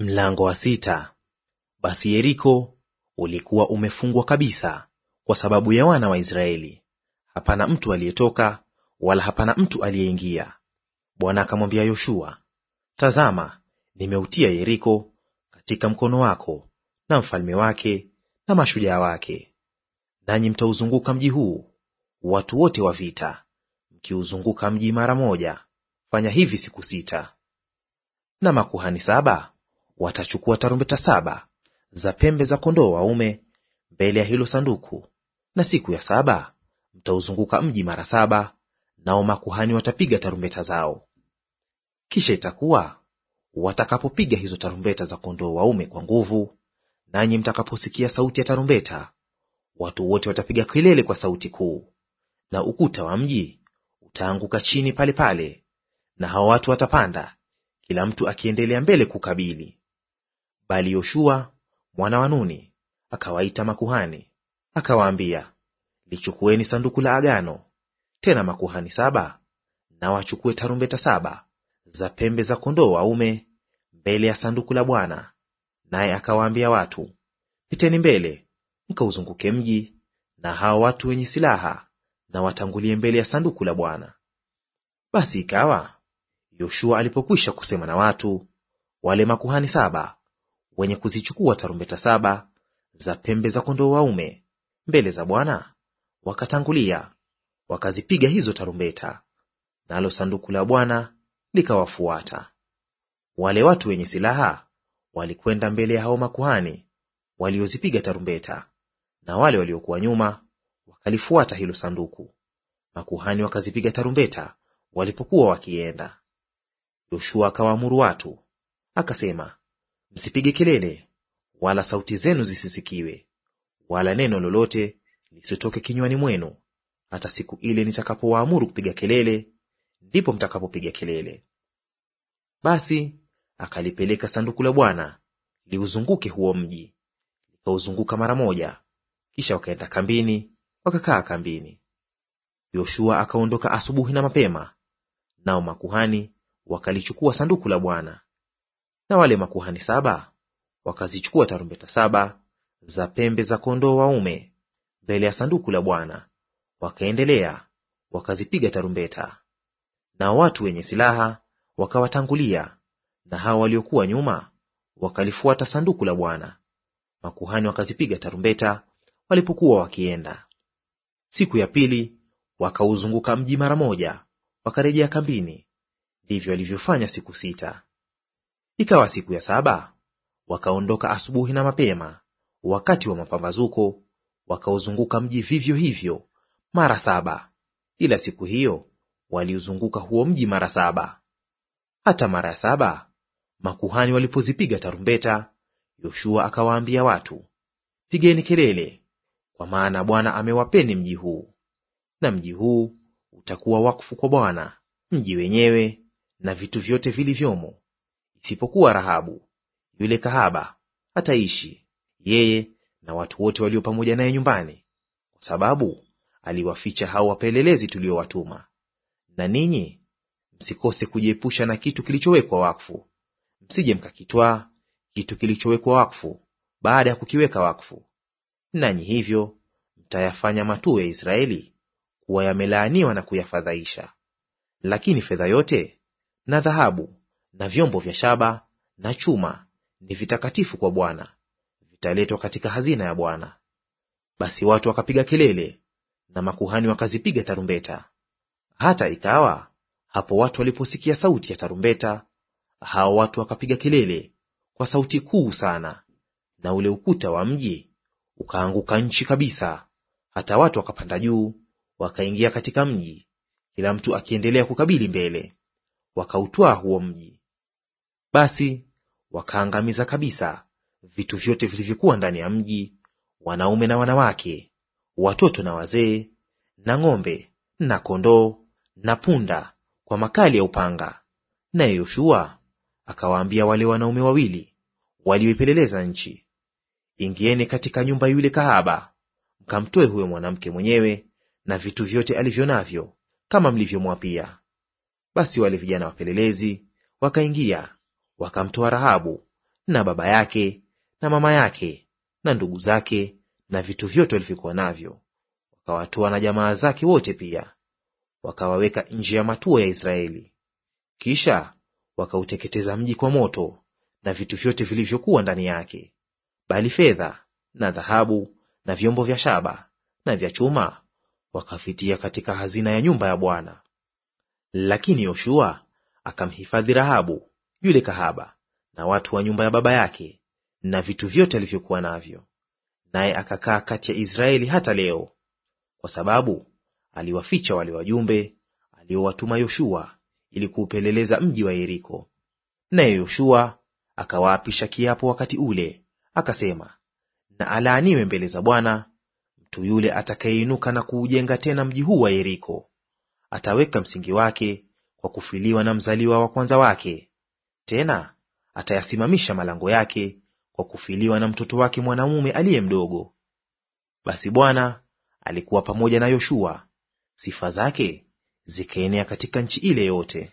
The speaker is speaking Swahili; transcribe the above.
Mlango wa sita. Basi Yeriko ulikuwa umefungwa kabisa kwa sababu ya wana wa Israeli, hapana mtu aliyetoka wala hapana mtu aliyeingia. Bwana akamwambia Yoshua, tazama, nimeutia Yeriko katika mkono wako na mfalme wake na mashujaa wake, nanyi mtauzunguka mji huu, watu wote wa vita, mkiuzunguka mji mara moja. Fanya hivi siku sita. Na makuhani saba Watachukua tarumbeta saba za pembe za kondoo waume mbele ya hilo sanduku, na siku ya saba mtauzunguka mji mara saba, nao makuhani watapiga tarumbeta zao. Kisha itakuwa watakapopiga hizo tarumbeta za kondoo waume kwa nguvu, nanyi mtakaposikia sauti ya tarumbeta, watu wote watapiga kelele kwa sauti kuu, na ukuta wa mji utaanguka chini pale pale, na hao watu watapanda, kila mtu akiendelea mbele kukabili. Bali Yoshua mwana wa Nuni akawaita makuhani, akawaambia, lichukueni sanduku la agano. Tena makuhani saba na wachukue tarumbeta saba za pembe za kondoo waume mbele ya sanduku la Bwana. Naye akawaambia watu, piteni mbele mkauzunguke mji, na hao watu wenye silaha na watangulie mbele ya sanduku la Bwana. Basi ikawa Yoshua alipokwisha kusema na watu, wale makuhani saba wenye kuzichukua tarumbeta saba za pembe za kondoo waume mbele za Bwana wakatangulia wakazipiga hizo tarumbeta, nalo sanduku la Bwana likawafuata. Wale watu wenye silaha walikwenda mbele ya hao makuhani waliozipiga tarumbeta, na wale waliokuwa nyuma wakalifuata hilo sanduku. Makuhani wakazipiga tarumbeta walipokuwa wakienda. Yoshua akawaamuru watu akasema, Msipige kelele, wala sauti zenu zisisikiwe, wala neno lolote lisitoke kinywani mwenu, hata siku ile nitakapowaamuru kupiga kelele, ndipo mtakapopiga kelele. Basi akalipeleka sanduku la Bwana liuzunguke huo mji, likauzunguka mara moja. Kisha wakaenda kambini, wakakaa kambini. Yoshua akaondoka asubuhi na mapema, nao makuhani wakalichukua sanduku la Bwana. Na wale makuhani saba wakazichukua tarumbeta saba za pembe za kondoo waume mbele ya sanduku la Bwana, wakaendelea wakazipiga tarumbeta. na watu wenye silaha wakawatangulia, na hao waliokuwa nyuma wakalifuata sanduku la Bwana. Makuhani wakazipiga tarumbeta walipokuwa wakienda. Siku ya pili wakauzunguka mji mara moja, wakarejea kambini. Ndivyo walivyofanya siku sita. Ikawa siku ya saba wakaondoka asubuhi na mapema, wakati wa mapambazuko, wakauzunguka mji vivyo hivyo mara saba; ila siku hiyo waliuzunguka huo mji mara saba. Hata mara ya saba makuhani walipozipiga tarumbeta, Yoshua akawaambia watu, pigeni kelele, kwa maana Bwana amewapeni mji huu. Na mji huu utakuwa wakfu kwa Bwana, mji wenyewe na vitu vyote vilivyomo isipokuwa Rahabu yule kahaba ataishi, yeye na watu wote walio pamoja naye nyumbani, kwa sababu aliwaficha hao wapelelezi tuliowatuma. Na ninyi msikose kujiepusha na kitu kilichowekwa wakfu, msije mkakitwaa kitu kilichowekwa wakfu baada ya kukiweka wakfu; nanyi hivyo mtayafanya matuo ya Israeli kuwa yamelaaniwa na kuyafadhaisha. Lakini fedha yote na dhahabu na vyombo vya shaba na chuma ni vitakatifu kwa Bwana, vitaletwa katika hazina ya Bwana. Basi watu wakapiga kelele na makuhani wakazipiga tarumbeta. Hata ikawa hapo watu waliposikia sauti ya tarumbeta, hao watu wakapiga kelele kwa sauti kuu sana, na ule ukuta wa mji ukaanguka nchi kabisa, hata watu wakapanda juu wakaingia katika mji, kila mtu akiendelea kukabili mbele, wakautwaa huo mji. Basi wakaangamiza kabisa vitu vyote vilivyokuwa ndani ya mji, wanaume na wanawake, watoto na wazee, na ng'ombe na kondoo na punda, kwa makali ya upanga. Naye Yoshua akawaambia wale wanaume wawili walioipeleleza nchi, ingieni katika nyumba yule kahaba, mkamtoe huyo mwanamke mwenyewe na vitu vyote alivyo navyo, kama mlivyomwapia. Basi wale vijana wapelelezi wakaingia wakamtoa Rahabu na baba yake na mama yake na ndugu zake na vitu vyote walivyokuwa navyo, wakawatoa na jamaa zake wote pia, wakawaweka nje ya matuo ya Israeli. Kisha wakauteketeza mji kwa moto na vitu vyote vilivyokuwa ndani yake, bali fedha na dhahabu na vyombo vya shaba na vya chuma wakafitia katika hazina ya nyumba ya Bwana. Lakini Yoshua akamhifadhi Rahabu yule kahaba na watu wa nyumba ya baba yake na vitu vyote alivyokuwa navyo, naye akakaa kati ya Israeli hata leo, kwa sababu aliwaficha wale wajumbe aliowatuma Yoshua ili kuupeleleza mji wa Yeriko. Naye Yoshua akawaapisha kiapo wakati ule, akasema, na alaaniwe mbele za Bwana mtu yule atakayeinuka na kuujenga tena mji huu wa Yeriko; ataweka msingi wake kwa kufiliwa na mzaliwa wa kwanza wake, tena atayasimamisha malango yake kwa kufiliwa na mtoto wake mwanamume aliye mdogo. Basi Bwana alikuwa pamoja na Yoshua, sifa zake zikaenea katika nchi ile yote.